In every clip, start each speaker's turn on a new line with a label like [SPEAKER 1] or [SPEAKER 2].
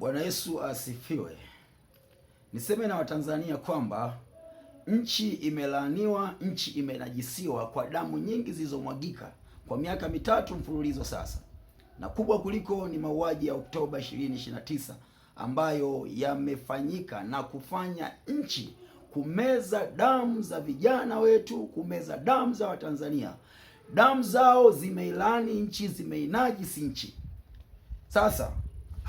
[SPEAKER 1] Bwana Yesu asifiwe. Niseme na Watanzania kwamba nchi imelaaniwa, nchi imenajisiwa kwa damu nyingi zilizomwagika kwa miaka mitatu mfululizo sasa, na kubwa kuliko ni mauaji ya Oktoba 2029 ambayo yamefanyika na kufanya nchi kumeza damu za vijana wetu, kumeza damu za Watanzania. Damu zao zimeilani nchi, zimeinajisi nchi. Sasa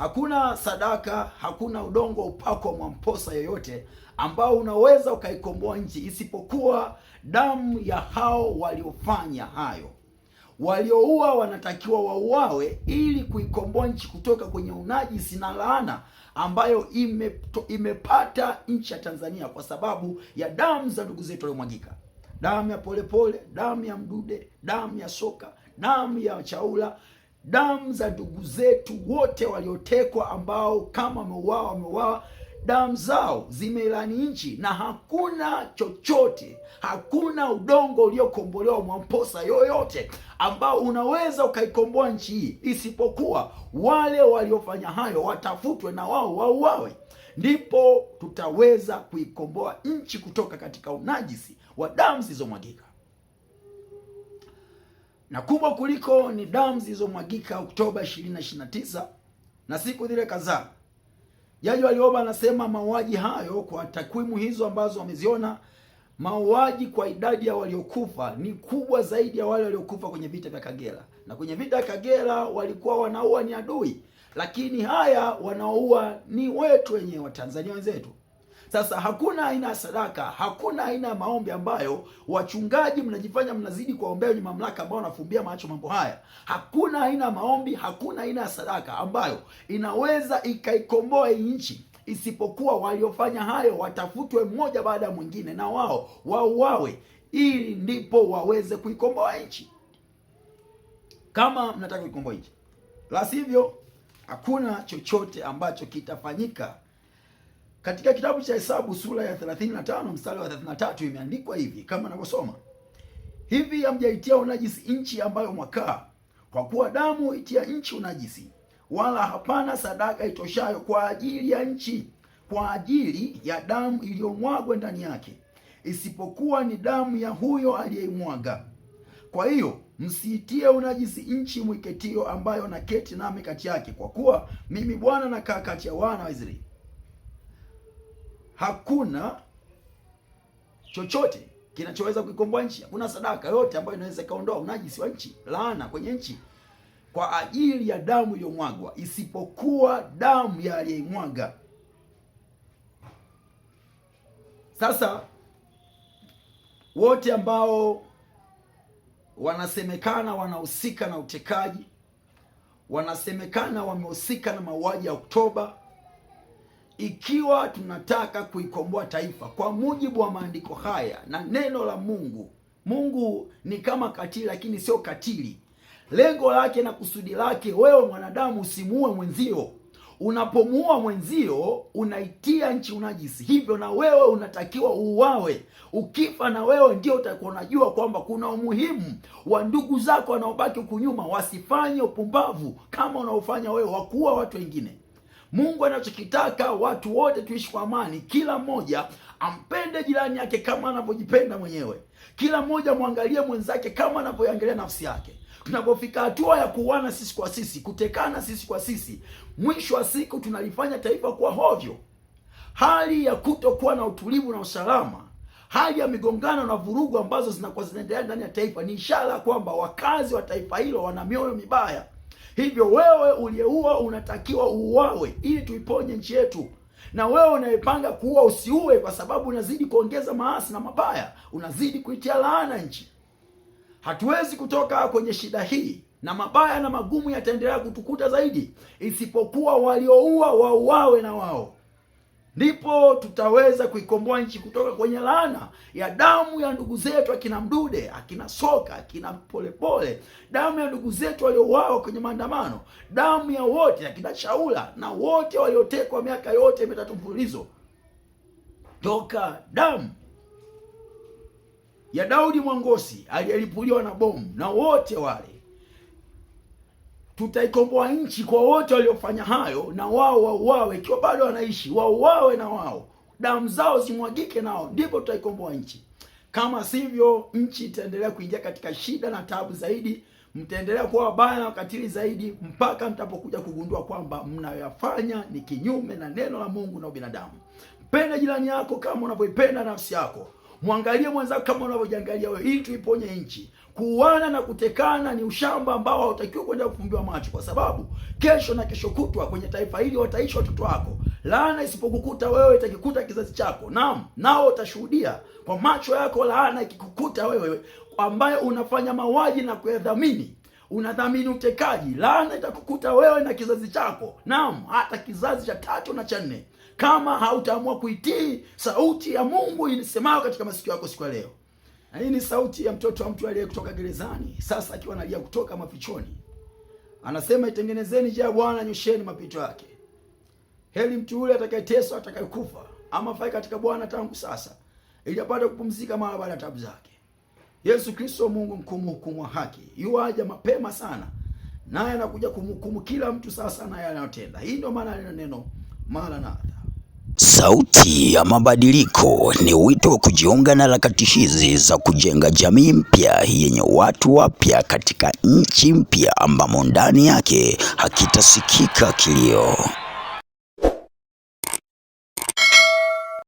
[SPEAKER 1] Hakuna sadaka, hakuna udongo upako wa Mwamposa yoyote ambao unaweza ukaikomboa nchi isipokuwa damu ya hao waliofanya hayo. Walioua wanatakiwa wauawe ili kuikomboa nchi kutoka kwenye unajisi na laana ambayo ime, imepata nchi ya Tanzania kwa sababu ya damu za ndugu zetu waliomwagika, damu ya Polepole, damu ya Mdude, damu ya Soka, damu ya Chaula damu za ndugu zetu wote waliotekwa, ambao kama wameuawa wameuawa, damu zao zimelani nchi, na hakuna chochote, hakuna udongo uliokombolewa Mwamposa yoyote ambao unaweza ukaikomboa nchi hii, isipokuwa wale waliofanya hayo watafutwe na wao wauawe, ndipo tutaweza kuikomboa nchi kutoka katika unajisi wa damu zilizomwagika na kubwa kuliko ni damu zilizomwagika Oktoba 2029 na siku zile kadhaa. Jaji Warioba anasema mauaji hayo, kwa takwimu hizo ambazo wameziona, mauaji kwa idadi ya waliokufa ni kubwa zaidi ya wale waliokufa kwenye vita vya Kagera, na kwenye vita ya Kagera walikuwa wanaua ni adui, lakini haya wanaoua ni wetu wenyewe, Watanzania wenzetu. Sasa hakuna aina ya sadaka, hakuna aina ya maombi ambayo wachungaji mnajifanya mnazidi kuwaombea wenye mamlaka ambao wanafumbia macho mambo haya. Hakuna aina ya maombi, hakuna aina ya sadaka ambayo inaweza ikaikomboa nchi isipokuwa waliofanya hayo watafutwe mmoja baada ya mwingine, na wao wauawe, ili ndipo waweze kuikomboa nchi, kama mnataka kuikomboa nchi. La sivyo, hakuna chochote ambacho kitafanyika katika kitabu cha Hesabu sura ya 35 mstari wa 33 imeandikwa hivi kama navyosoma hivi: hamjaitia unajisi nchi ambayo mwakaa, kwa kuwa damu itia nchi unajisi, wala hapana sadaka itoshayo kwa ajili ya nchi kwa ajili ya damu iliyomwagwa ndani yake, isipokuwa ni damu ya huyo aliyeimwaga. Kwa hiyo msiitie unajisi nchi mwiketio, ambayo naketi nami kati yake, kwa kuwa mimi Bwana nakaa kati ya wana wa Israeli hakuna chochote kinachoweza kuikomboa nchi. Hakuna sadaka yote ambayo inaweza ikaondoa unajisi wa nchi, laana kwenye nchi kwa ajili ya damu iliyomwagwa, isipokuwa damu ya aliyemwaga. Sasa wote ambao wanasemekana wanahusika na utekaji, wanasemekana wamehusika na mauaji ya Oktoba ikiwa tunataka kuikomboa taifa kwa mujibu wa maandiko haya na neno la Mungu. Mungu ni kama katili, lakini sio katili. Lengo lake na kusudi lake, wewe mwanadamu usimuue mwenzio. Unapomuua mwenzio, unaitia nchi unajisi. Hivyo na wewe unatakiwa uuawe. Ukifa na wewe ndio utakuwa unajua kwamba kuna umuhimu wa ndugu zako wanaobaki huku nyuma wasifanye upumbavu kama unaofanya wewe, wakuwa watu wengine. Mungu anachokitaka watu wote tuishi kwa amani, kila mmoja ampende jirani yake kama anavyojipenda mwenyewe, kila mmoja mwangalie mwenzake kama anavyoangalia nafsi yake. Tunapofika hatua ya kuuana sisi kwa sisi, kutekana sisi kwa sisi, mwisho wa siku tunalifanya taifa kuwa hovyo. Hali ya kutokuwa na utulivu na usalama, hali ya migongano na vurugu ambazo zinakuwa zinaendelea ndani ya taifa ni ishara kwamba wakazi wa taifa hilo wana mioyo mibaya. Hivyo wewe uliyeua unatakiwa uuawe ili tuiponye nchi yetu, na wewe unayepanga kuua usiue, kwa sababu unazidi kuongeza maasi na mabaya, unazidi kuitia laana nchi. Hatuwezi kutoka kwenye shida hii, na mabaya na magumu yataendelea kutukuta zaidi, isipokuwa walioua wauawe na wao ndipo tutaweza kuikomboa nchi kutoka kwenye laana ya damu ya ndugu zetu akina Mdude, akina Soka, akina Polepole, damu ya ndugu zetu waliouawa kwenye maandamano, damu ya wote akina Shaula na wote waliotekwa miaka yote mitatu mfululizo toka damu ya Daudi Mwangosi aliyelipuliwa na bomu na wote wale tutaikomboa nchi kwa wote waliofanya hayo, na wao wauawe, ikiwa bado wanaishi, wauawe na wao, damu zao zimwagike nao, ndipo tutaikomboa nchi. Kama sivyo, nchi itaendelea kuingia katika shida na taabu zaidi, mtaendelea kuwa wabaya na wakatili zaidi, mpaka mtapokuja kugundua kwamba mnayoyafanya ni kinyume na neno la Mungu na ubinadamu. Penda jirani yako kama unavyoipenda nafsi yako. Mwangalie mwenzako kama unavyojiangalia wewe. Hii tuiponye nchi. Kuuana na kutekana ni ushamba ambao hautakiwi kwenda kufumbiwa macho, kwa sababu kesho na kesho kutwa kwenye taifa hili wataishi watoto wako. Laana isipokukuta wewe, itakikuta kizazi chako. Naam, nao utashuhudia kwa macho yako laana ikikukuta wewe, ambaye unafanya mauaji na kuyadhamini unadhamini utekaji, laana itakukuta wewe na kizazi chako, naam, hata kizazi cha tatu na cha nne, kama hautaamua kuitii sauti ya Mungu ilisemayo katika masikio yako siku ya leo. Na hii ni sauti ya mtoto wa mtu aliye kutoka gerezani, sasa akiwa analia kutoka mafichoni. Anasema, itengenezeni njia ya Bwana, nyosheni mapito yake. Heli mtu yule atakayeteswa, atakayekufa ama fai katika Bwana tangu sasa, ili apate kupumzika mara baada ya tabu zake. Yesu Kristo Mungu mkuu, mhukumu wa haki, yuaja mapema sana, naye anakuja kumhukumu kila mtu sasa na yale anayotenda. Hii ndio maana ya neno maranatha.
[SPEAKER 2] Sauti ya Mabadiliko ni wito wa kujiunga na harakati hizi za kujenga jamii mpya yenye watu wapya katika nchi mpya ambamo ndani yake hakitasikika kilio.